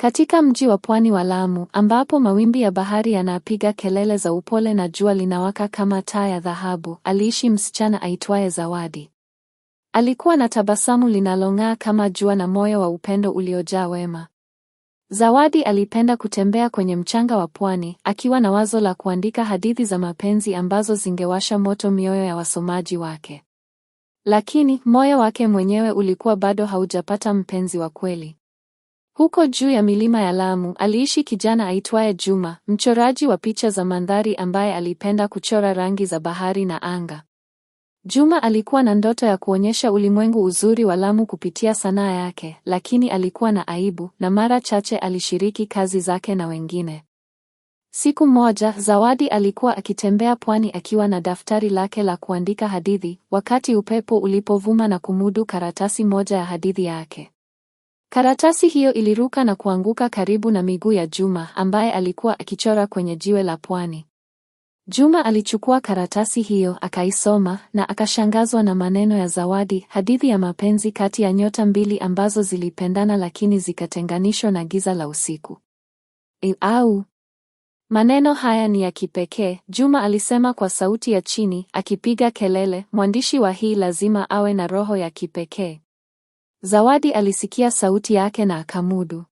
Katika mji wa pwani wa Lamu ambapo mawimbi ya bahari yanapiga kelele za upole na jua linawaka kama taa ya dhahabu, aliishi msichana aitwaye Zawadi. Alikuwa na tabasamu linalong'aa kama jua na moyo wa upendo uliojaa wema. Zawadi alipenda kutembea kwenye mchanga wa pwani, akiwa na wazo la kuandika hadithi za mapenzi ambazo zingewasha moto mioyo ya wasomaji wake. Lakini moyo wake mwenyewe ulikuwa bado haujapata mpenzi wa kweli. Huko juu ya milima ya Lamu aliishi kijana aitwaye Juma, mchoraji wa picha za mandhari ambaye alipenda kuchora rangi za bahari na anga. Juma alikuwa na ndoto ya kuonyesha ulimwengu uzuri wa Lamu kupitia sanaa yake, lakini alikuwa na aibu na mara chache alishiriki kazi zake na wengine. Siku moja, Zawadi alikuwa akitembea pwani akiwa na daftari lake la kuandika hadithi, wakati upepo ulipovuma na kumudu karatasi moja ya hadithi yake. Karatasi hiyo iliruka na kuanguka karibu na miguu ya Juma ambaye alikuwa akichora kwenye jiwe la pwani. Juma alichukua karatasi hiyo akaisoma na akashangazwa na maneno ya Zawadi, hadithi ya mapenzi kati ya nyota mbili ambazo zilipendana lakini zikatenganishwa na giza la usiku. E, au maneno haya ni ya kipekee, Juma alisema kwa sauti ya chini, akipiga kelele, mwandishi wa hii lazima awe na roho ya kipekee. Zawadi alisikia sauti yake na akamudu.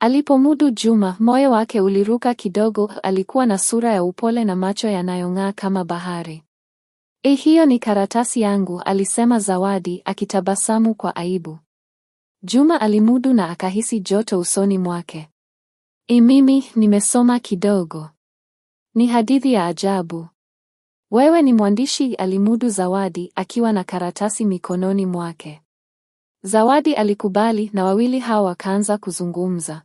Alipomudu Juma, moyo wake uliruka kidogo. Alikuwa na sura ya upole na macho yanayong'aa kama bahari. E, hiyo ni karatasi yangu, alisema Zawadi akitabasamu kwa aibu. Juma alimudu na akahisi joto usoni mwake. E, mimi nimesoma kidogo. Ni hadithi ya ajabu. Wewe ni mwandishi? Alimudu Zawadi akiwa na karatasi mikononi mwake. Zawadi alikubali na wawili hao wakaanza kuzungumza.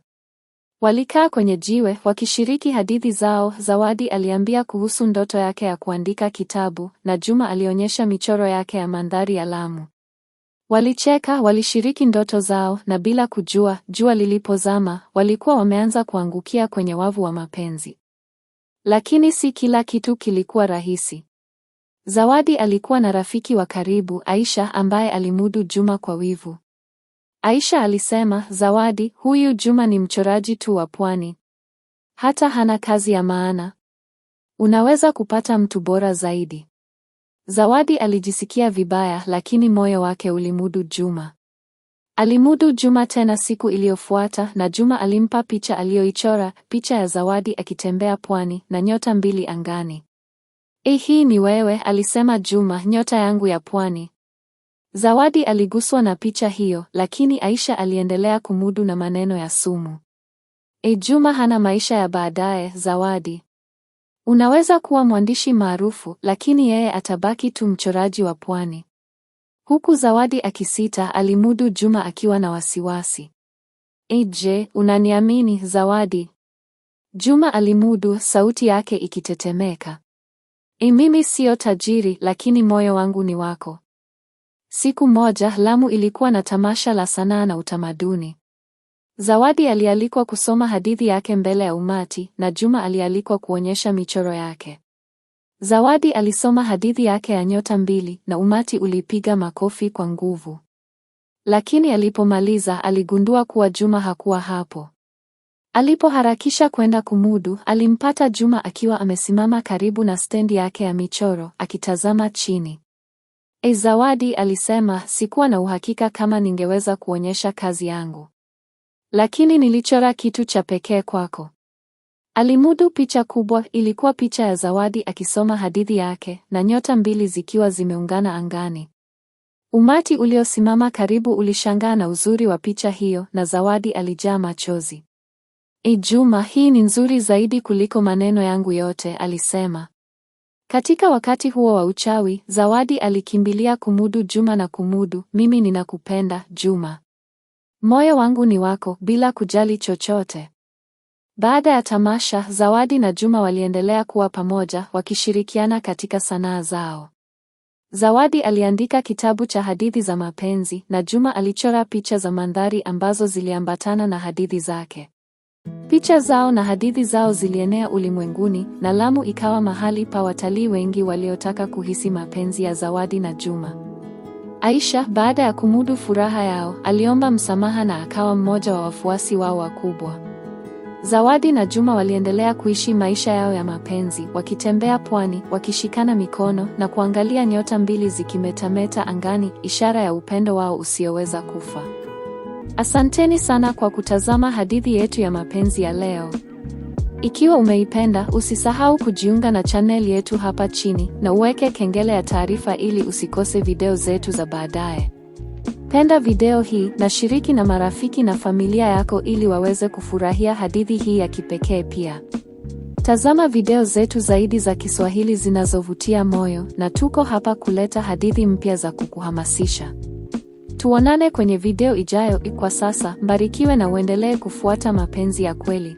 Walikaa kwenye jiwe wakishiriki hadithi zao. Zawadi aliambia kuhusu ndoto yake ya kuandika kitabu na Juma alionyesha michoro yake ya mandhari ya Lamu. Walicheka, walishiriki ndoto zao na bila kujua, jua lilipozama, walikuwa wameanza kuangukia kwenye wavu wa mapenzi. Lakini si kila kitu kilikuwa rahisi. Zawadi alikuwa na rafiki wa karibu Aisha ambaye alimudu Juma kwa wivu. Aisha alisema, Zawadi, huyu Juma ni mchoraji tu wa pwani. Hata hana kazi ya maana. Unaweza kupata mtu bora zaidi. Zawadi alijisikia vibaya lakini moyo wake ulimudu Juma. Alimudu Juma tena siku iliyofuata na Juma alimpa picha aliyoichora, picha ya Zawadi akitembea pwani na nyota mbili angani. Eh, hii ni wewe, alisema Juma, nyota yangu ya pwani. Zawadi aliguswa na picha hiyo, lakini Aisha aliendelea kumudu na maneno ya sumu. E, Juma hana maisha ya baadaye. Zawadi, unaweza kuwa mwandishi maarufu, lakini yeye atabaki tu mchoraji wa pwani. Huku Zawadi akisita, alimudu Juma akiwa na wasiwasi. Eh, unaniamini Zawadi? Juma alimudu, sauti yake ikitetemeka. E, mimi siyo tajiri, lakini moyo wangu ni wako. Siku moja Lamu ilikuwa na tamasha la sanaa na utamaduni. Zawadi alialikwa kusoma hadithi yake mbele ya umati na Juma alialikwa kuonyesha michoro yake. Zawadi alisoma hadithi yake ya nyota mbili na umati ulipiga makofi kwa nguvu. Lakini alipomaliza aligundua kuwa Juma hakuwa hapo. Alipoharakisha kwenda kumudu, alimpata Juma akiwa amesimama karibu na stendi yake ya michoro akitazama chini. E, Zawadi alisema, sikuwa na uhakika kama ningeweza kuonyesha kazi yangu, lakini nilichora kitu cha pekee kwako. Alimudu picha kubwa. Ilikuwa picha ya Zawadi akisoma hadithi yake na nyota mbili zikiwa zimeungana angani. Umati uliosimama karibu ulishangaa na uzuri wa picha hiyo, na Zawadi alijaa machozi. Ijuma, e Juma, hii ni nzuri zaidi kuliko maneno yangu yote, alisema. Katika wakati huo wa uchawi, Zawadi alikimbilia kumudu Juma na kumudu, mimi ninakupenda Juma, moyo wangu ni wako, bila kujali chochote. Baada ya tamasha, Zawadi na Juma waliendelea kuwa pamoja, wakishirikiana katika sanaa zao. Zawadi aliandika kitabu cha hadithi za mapenzi na Juma alichora picha za mandhari ambazo ziliambatana na hadithi zake. Picha zao na hadithi zao zilienea ulimwenguni na Lamu ikawa mahali pa watalii wengi waliotaka kuhisi mapenzi ya Zawadi na Juma. Aisha, baada ya kumudu furaha yao, aliomba msamaha na akawa mmoja wa wafuasi wao wakubwa. Zawadi na Juma waliendelea kuishi maisha yao ya mapenzi, wakitembea pwani, wakishikana mikono na kuangalia nyota mbili zikimetameta angani, ishara ya upendo wao usioweza kufa. Asanteni sana kwa kutazama hadithi yetu ya mapenzi ya leo. Ikiwa umeipenda, usisahau kujiunga na channel yetu hapa chini na uweke kengele ya taarifa ili usikose video zetu za baadaye. Penda video hii na shiriki na marafiki na familia yako ili waweze kufurahia hadithi hii ya kipekee pia. Tazama video zetu zaidi za Kiswahili zinazovutia moyo na tuko hapa kuleta hadithi mpya za kukuhamasisha. Tuonane kwenye video ijayo. Kwa sasa, mbarikiwe na uendelee kufuata mapenzi ya kweli.